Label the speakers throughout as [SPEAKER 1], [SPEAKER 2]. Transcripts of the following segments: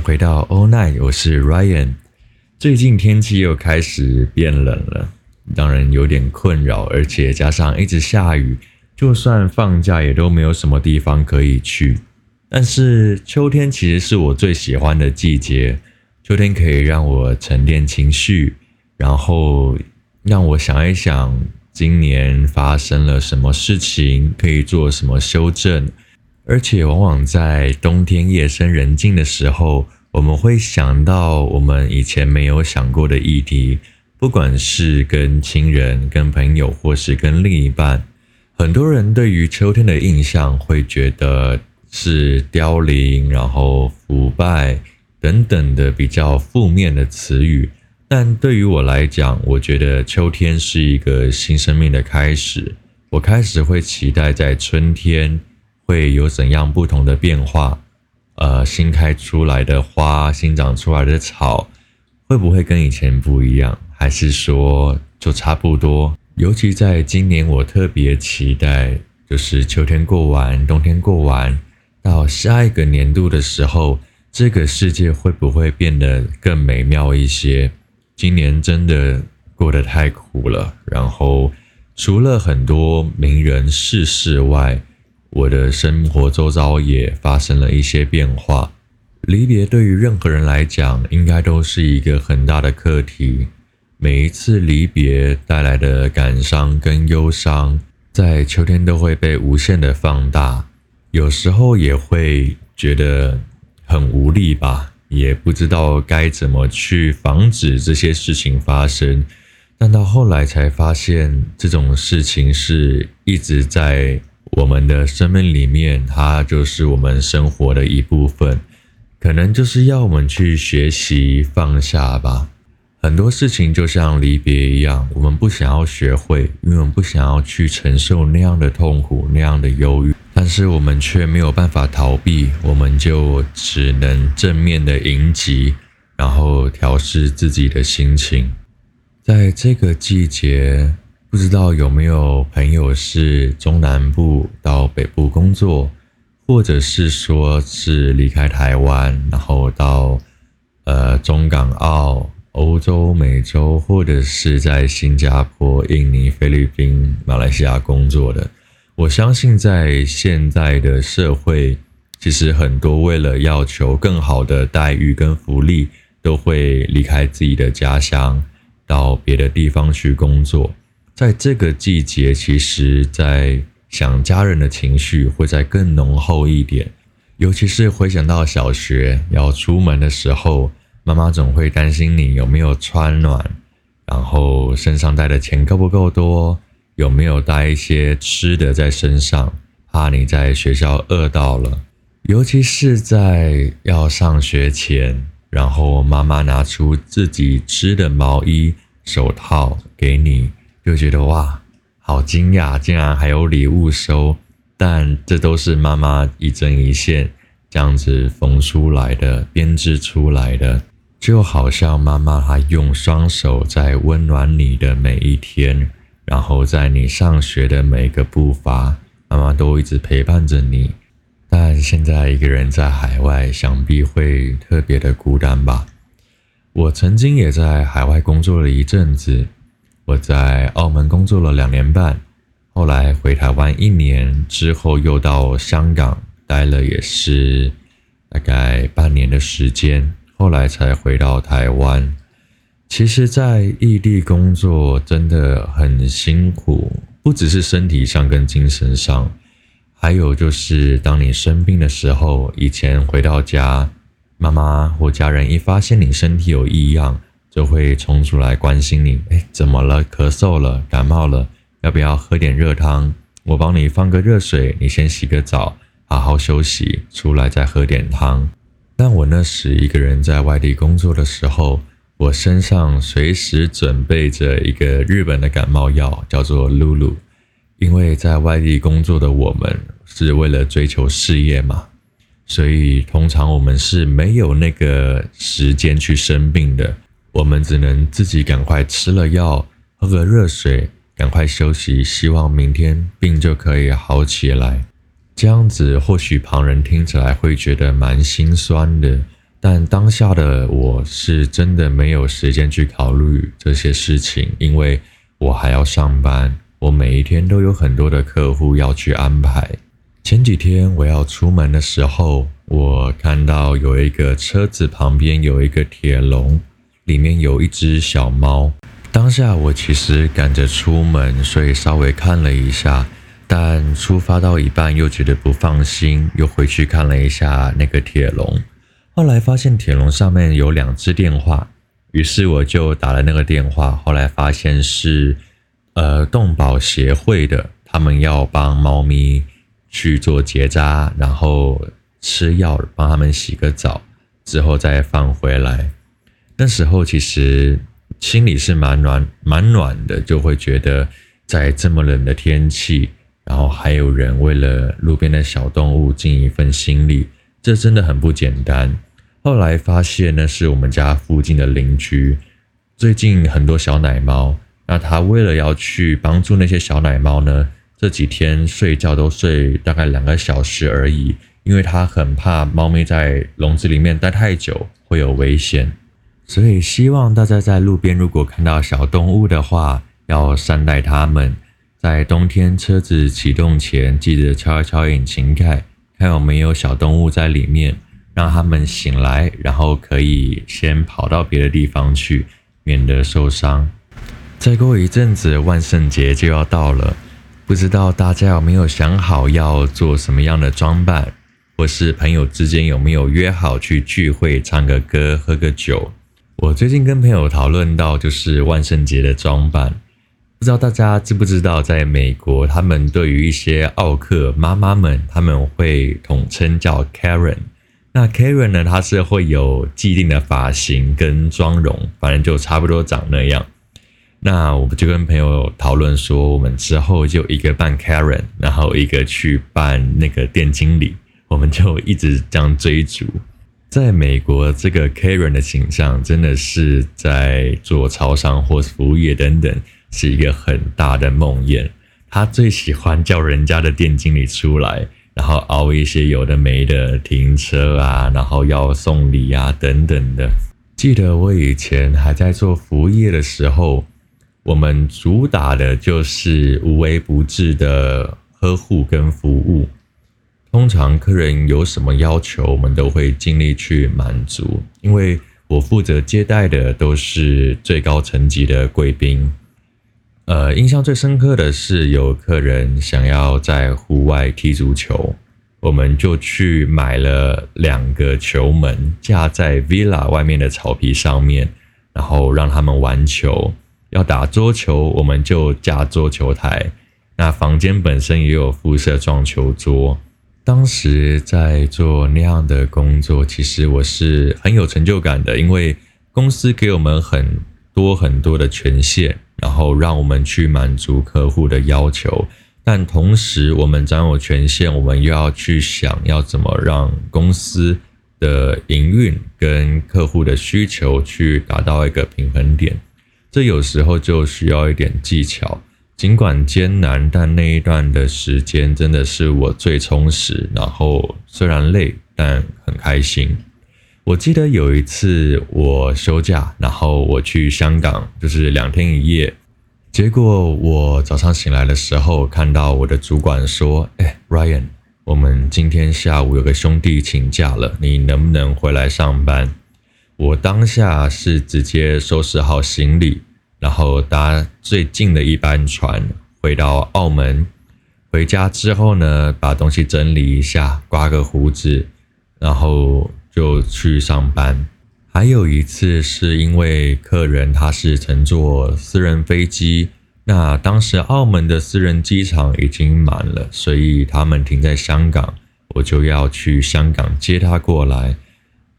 [SPEAKER 1] 回到 OWL NIGHT，我是 Ryan。最近天氣又開始變冷了，當然有點困擾，而且加上一直下雨，就算放假也都沒有什麼地方可以去。但是秋天其實是我最喜歡的季節，秋天可以讓我沉澱情緒，然後讓我想一想今年發生了什麼事情，可以做什麼修正。而且往往在冬天夜深人靜的時候，我們會想到我們以前沒有想過的議題，不管是跟親人、跟朋友，或是跟另一半。很多人對於秋天的印象會覺得是凋零，然後腐敗等等的比較負面的詞語，但對於我來講，我覺得秋天是一個新生命的開始。我開始會期待在春天。會有怎樣不同的變化？呃，新開出來的花，新長出來的草，會不會跟以前不一樣？還是說就差不多？尤其在今年，我特別期待，就是秋天過完，冬天過完，到下一個年度的時候，這個世界會不會變得更美妙一些？今年真的過得太苦了。然後，除了很多名人逝世外，我的生活周遭也發生了一些變化。離別對於任何人來講，應該都是一個很大的課題。每一次離別帶來的感傷跟憂傷，在秋天都會被無限的放大。有時候也會覺得很無力吧，也不知道該怎麼去防止這些事情發生。但到後來才發現，這種事情是一直在。我們的生命裡面，它就是我們生活的一部分，可能就是要我們去學習放下吧。很多事情就像離別一樣，我們不想要學會，因為我們不想要去承受那樣的痛苦、那樣的憂鬱，但是我們卻沒有辦法逃避，我們就只能正面的迎擊，然後調適自己的心情。在這個季節。不知道有沒有朋友是中南部到北部工作，或者是說是離開臺灣，然後到呃中港澳、歐洲、美洲，或者是在新加坡、印尼、菲律賓、馬來西亞工作的。我相信在現在的社會，其實很多為了要求更好的待遇跟福利，都會離開自己的家鄉，到別的地方去工作。在這個季節，其實，在想家人的情緒會再更濃厚一點，尤其是回想到小學要出門的時候，媽媽總會擔心你有沒有穿暖，然後身上帶的錢夠不夠多，有沒有帶一些吃的在身上，怕你在學校餓到了，尤其是在要上學前，然後媽媽拿出自己織的毛衣、手套給你。就覺得哇，好驚訝，竟然還有禮物收，但這都是媽媽一針一線這樣子縫出來的，編織出來的，就好像媽媽她用雙手在溫暖你的每一天，然後在你上學的每個步伐，媽媽都一直陪伴着你。但現在一個人在海外，想必會特別的孤單吧。我曾經也在海外工作了一陣子。我在澳門工作了兩年半，後來回台灣一年，之後又到香港待了也是大概半年的時間，後來才回到台灣。其實在異地工作真的很辛苦，不只是身體上跟精神上，還有就是當你生病的時候，以前回到家，媽媽或家人一發現你身體有異樣。就會衝出來關心你，哎，怎麼了？咳嗽了？感冒了？要不要喝點熱湯？我幫你放個熱水，你先洗個澡，好好休息，出來再喝點湯。但我那時一個人在外地工作的時候，我身上隨時準備着一個日本的感冒藥，叫做露露。因為在外地工作的我們是為了追求事業嘛，所以通常我們是沒有那個時間去生病的。我們只能自己趕快吃了藥，喝個熱水，趕快休息。希望明天病就可以好起來。這樣子或許旁人聽起來會覺得蠻心酸的，但當下的我是真的沒有時間去考慮這些事情，因為我還要上班，我每一天都有很多的客戶要去安排。前幾天我要出門的時候，我看到有一個車子旁邊有一個鐵籠。裡面有一隻小貓。當下我其實趕着出門，所以稍微看了一下，但出發到一半又覺得不放心，又回去看了一下那個鐵籠。後來發現鐵籠上面有兩隻電話，於是我就打了那個電話。後來發現是，呃，動保協會的，他們要幫貓咪去做結紮，然後吃藥，幫他們洗個澡，之後再放回來。那時候其實心裡是蠻暖、蠻暖的，就會覺得在這麼冷的天氣，然後還有人為了路邊的小動物盡一份心力，這真的很不簡單。後來發現那是我們家附近的鄰居，最近很多小奶貓，那他為了要去幫助那些小奶貓呢，這幾天睡覺都睡大概兩個小時而已，因為他很怕貓咪在籠子裡面待太久會有危險。所以希望大家在路邊如果看到小動物的話，要善待它們。在冬天車子啟動前，記得敲一敲引擎蓋，看有沒有小動物在裡面，讓它們醒來，然後可以先跑到別的地方去，免得受傷。再過一陣子，萬聖節就要到了，不知道大家有沒有想好要做什麼樣的裝扮，或是朋友之間有沒有約好去聚會、唱個歌、喝個酒。我最近跟朋友討論到，就是萬聖節的裝扮，不知道大家知不知道，在美國，他們對於一些奧客媽媽們，他們會統稱叫 Karen。那 Karen 呢，她是會有既定的髮型跟妝容，反正就差不多長那樣。那我們就跟朋友討論說，我們之後就一個扮 Karen，然後一個去扮那個店經理，我們就一直這樣追逐。在美國，這個 Karen 的形象真的是在做超商或服務業等等，是一個很大的夢魘。他最喜歡叫人家的店經理出來，然後凹一些有的沒的，停車啊，然後要送禮啊等等的。記得我以前還在做服務業的時候，我們主打的就是無微不至的呵護跟服務。通常客人有什麼要求，我們都會盡力去滿足。因為我負責接待的都是最高層級的貴賓。呃，印象最深刻的是有客人想要在戶外踢足球，我們就去買了兩個球門，架在 villa 外面的草皮上面，然後讓他們玩球。要打桌球，我們就架桌球檯。那房間本身也有附設撞球桌。當時在做那樣的工作，其實我是很有成就感的，因為公司給我們很多很多的權限，然後讓我們去滿足客戶的要求。但同時，我們掌有權限，我們又要去想要怎麼讓公司的營運跟客戶的需求去達到一個平衡點，這有時候就需要一點技巧。儘管艱難，但那一段的時間真的是我最充實。然後雖然累，但很開心。我記得有一次我休假，然後我去香港，就是兩天一夜。結果我早上醒來的時候，看到我的主管說：“誒，Ryan，我們今天下午有個兄弟請假了，你能不能回來上班？”我當下是直接收拾好行李。然後搭最近的一班船回到澳門，回家之後呢，把東西整理一下，刮個鬍子，然後就去上班。還有一次是因為客人他是乘坐私人飛機，那當時澳門的私人機場已經滿了，所以他們停在香港，我就要去香港接他過來。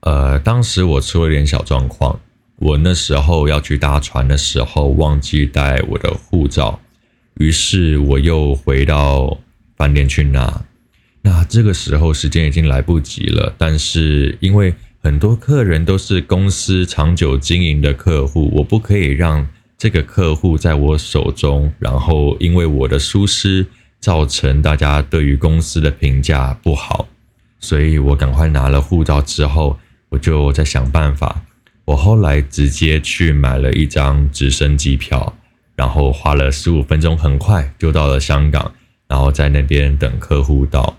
[SPEAKER 1] 呃，當時我出了點小狀況。我那時候要去搭船的時候，忘記帶我的護照，於是我又回到飯店去拿。那這個時候時間已經來不及了，但是因為很多客人都是公司長久經營的客戶，我不可以讓這個客戶在我手中，然後因為我的疏失造成大家對於公司的評價不好，所以我趕快拿了護照之後，我就在想辦法。我後來直接去買了一張直升機票，然後花了十五分鐘，很快就到了香港，然後在那邊等客戶到。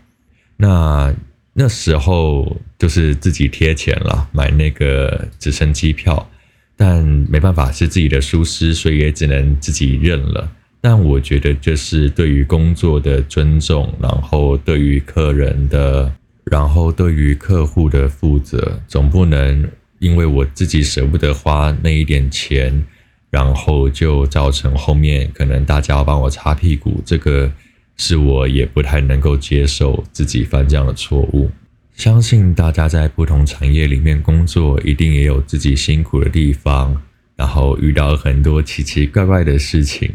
[SPEAKER 1] 那那時候就是自己貼錢了，買那個直升機票，但沒辦法，是自己的疏失，所以也只能自己認了。但我覺得，就是對於工作的尊重，然後對於客人的，然後對於客戶的負責，總不能。因為我自己捨不得花那一點錢，然後就造成後面可能大家要幫我擦屁股，這個是我也不太能夠接受自己犯這樣的錯誤。相信大家在不同產業裡面工作，一定也有自己辛苦的地方，然後遇到很多奇奇怪怪的事情，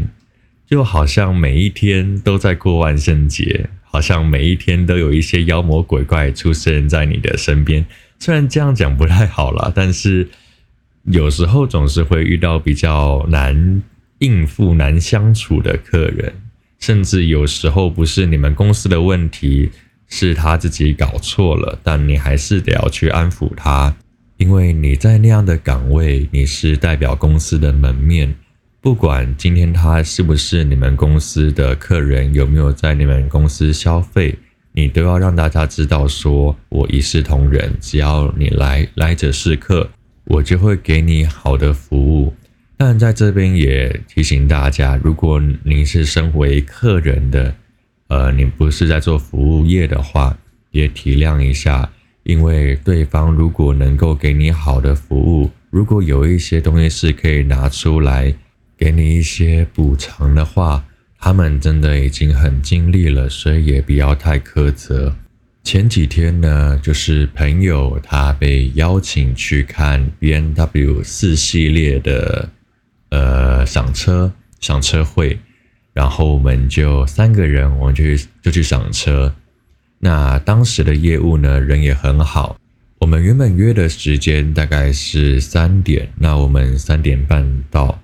[SPEAKER 1] 就好像每一天都在過萬聖節，好像每一天都有一些妖魔鬼怪出現在你的身邊。雖然這樣講不太好啦，但是有時候總是會遇到比較難應付、難相處的客人，甚至有時候不是你們公司的問題，是他自己搞錯了，但你還是得要去安撫他，因為你在那樣的崗位，你是代表公司的門面，不管今天他是不是你們公司的客人，有沒有在你們公司消費。你都要讓大家知道說，說我一視同仁，只要你來，來者是客，我就會給你好的服務。但在這邊也提醒大家，如果您是身為客人的，呃，你不是在做服務業的話，也體諒一下，因為對方如果能夠給你好的服務，如果有一些東西是可以拿出來給你一些補償的話。他們真的已經很盡力了，所以也不要太苛責。前幾天呢，就是朋友他被邀請去看 BMW 四系列的呃賞車賞車會，然後我們就三個人，我們就去，就去賞車。那當時的業務呢，人也很好。我們原本約的時間大概是三點，那我們三點半到。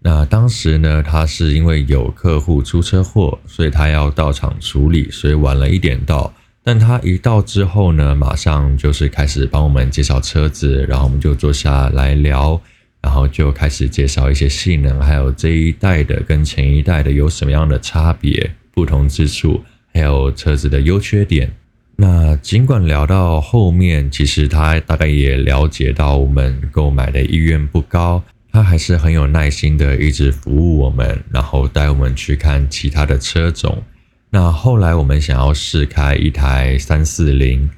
[SPEAKER 1] 那當時呢，他是因為有客戶出車禍，所以他要到場處理，所以晚了一點到。但他一到之後呢，馬上就是開始幫我們介紹車子，然後我們就坐下來聊，然後就開始介紹一些性能，還有這一代的跟前一代的有什麼樣的差別、不同之處，還有車子的優缺點。那儘管聊到後面，其實他大概也了解到我們購買的意願不高。他還是很有耐心的，一直服務我們，然後帶我們去看其他的車種。那後來我們想要試開一台340，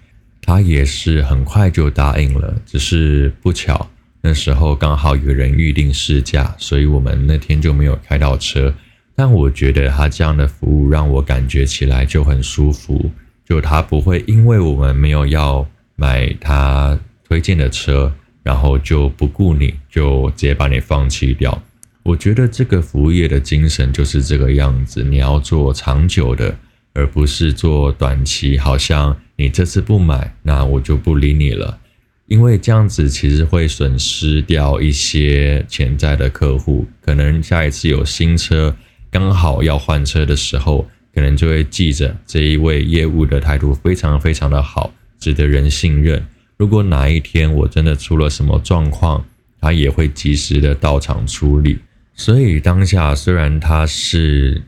[SPEAKER 1] 他也是很快就答應了。只是不巧，那時候剛好有人預定試駕，所以我們那天就沒有開到車。但我覺得他這樣的服務讓我感覺起來就很舒服，就他不會因為我們沒有要買他推薦的車。然後就不顧你，就直接把你放棄掉。我覺得這個服務業的精神就是這個樣子，你要做長久的，而不是做短期。好像你這次不買，那我就不理你了，因為這樣子其實會損失掉一些潛在的客戶。可能下一次有新車，剛好要換車的時候，可能就會記着這一位業務的態度非常非常的好，值得人信任。如果哪一天我真的出了什麼狀況，他也會及時的到場處理。所以當下雖然他是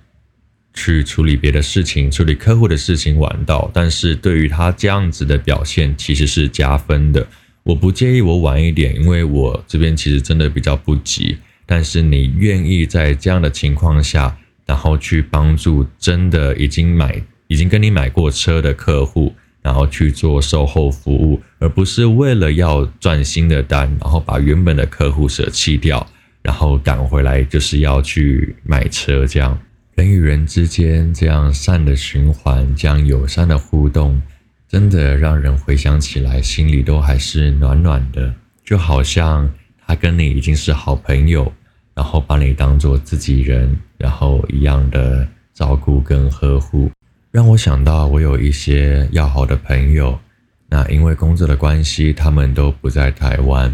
[SPEAKER 1] 去處理別的事情，處理客戶的事情晚到，但是對於他這樣子的表現其實是加分的。我不介意我晚一點，因為我這邊其實真的比較不急，但是你願意在這樣的情況下，然後去幫助真的已經買，已經跟你買過車的客戶。然後去做售後服務，而不是為了要賺新的單，然後把原本的客戶捨棄掉，然後趕回來就是要去買車。這樣人與人之間這樣善的循環，這樣友善的互動，真的讓人回想起來心裡都還是暖暖的，就好像他跟你已經是好朋友，然後把你當做自己人，然後一樣的照顧跟呵護。讓我想到，我有一些要好的朋友，那因為工作的關係，他們都不在台灣。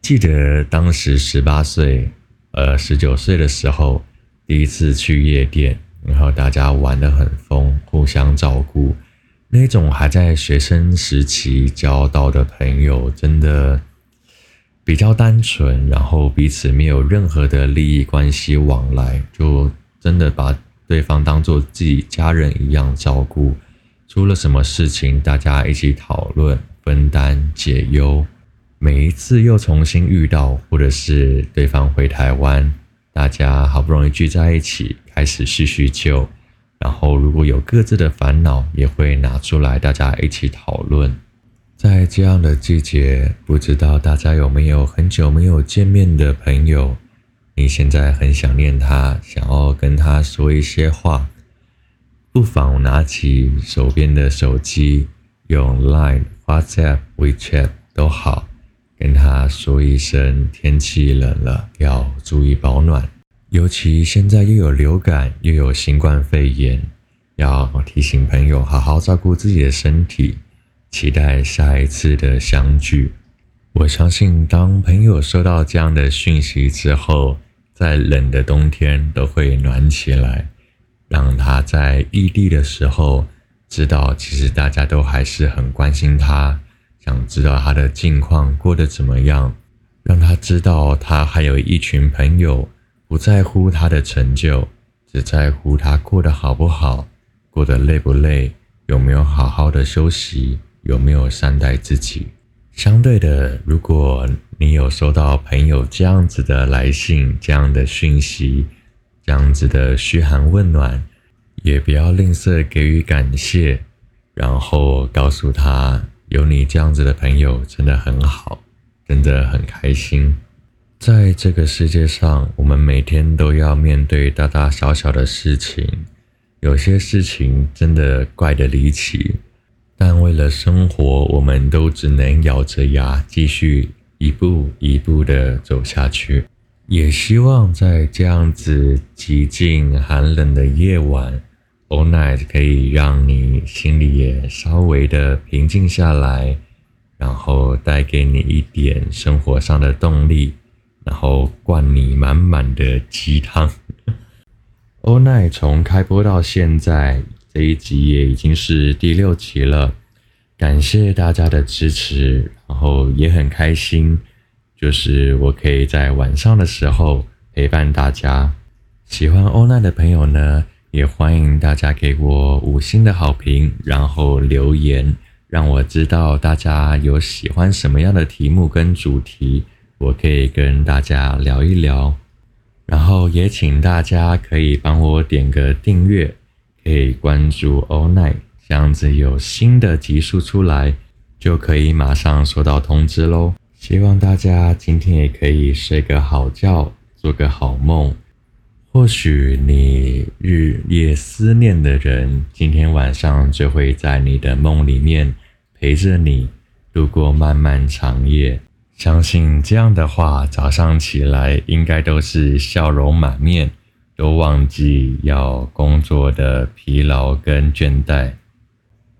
[SPEAKER 1] 記得當時十八歲，呃，十九歲的時候，第一次去夜店，然後大家玩得很瘋，互相照顧，那種還在學生時期交到的朋友，真的比較單純，然後彼此沒有任何的利益關係往來，就真的把。對方當作自己家人一樣照顧，出了什麼事情大家一起討論分擔解憂。每一次又重新遇到，或者是對方回台灣，大家好不容易聚在一起開始敘敘舊，然後如果有各自的煩惱也會拿出來大家一起討論。在這樣的季節，不知道大家有沒有很久沒有見面的朋友？你現在很想念他，想要跟他說一些話，不妨拿起手邊的手機，用 Line、WhatsApp、WeChat 都好，跟他說一聲天氣冷了，要注意保暖。尤其現在又有流感，又有新冠肺炎，要提醒朋友好好照顧自己的身體。期待下一次的相聚。我相信，當朋友收到這樣的訊息之後，在冷的冬天都會暖起來，讓他在異地的時候知道，其實大家都還是很關心他，想知道他的近況過得怎麼樣，讓他知道他還有一群朋友，不在乎他的成就，只在乎他過得好不好，過得累不累，有沒有好好的休息，有沒有善待自己。相對的，如果你有收到朋友這樣子的來信、這樣的訊息、這樣子的噓寒問暖，也不要吝嗇給予感謝，然後告訴他，有你這樣子的朋友真的很好，真的很開心。在這個世界上，我們每天都要面對大大小小的事情，有些事情真的怪得離奇。但為了生活，我們都只能咬着牙，繼續一步一步的走下去。也希望在這樣子極盡寒冷的夜晚，OWL NIGHT 可以讓你心裡也稍微的平靜下來，然後帶給你一點生活上的動力，然後灌你滿滿的雞湯。OWL NIGHT 從開播到現在。這一集也已經是第六集了，感謝大家的支持，然後也很開心，就是我可以在晚上的時候陪伴大家。喜歡 OWL NIGHT 的朋友呢，也歡迎大家給我五星的好評，然後留言，讓我知道大家有喜歡什麼樣的題目跟主題，我可以跟大家聊一聊。然後也請大家可以幫我點個訂閱。可以關注 OWL NIGHT，這樣子有新的集數出來，就可以馬上收到通知嘍。希望大家今天也可以睡個好覺，做個好夢。或許你日夜思念的人，今天晚上就會在你的夢裡面陪着你，度過漫漫長夜。相信這樣的話，早上起來應該都是笑容滿面。都忘記要工作的疲勞跟倦怠，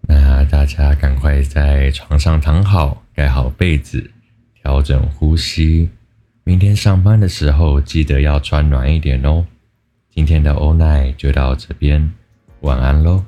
[SPEAKER 1] 那大家趕快在床上躺好，蓋好被子，調整呼吸。明天上班的時候記得要穿暖一點哦。今天的 Owl Night 就到這邊，晚安嘍。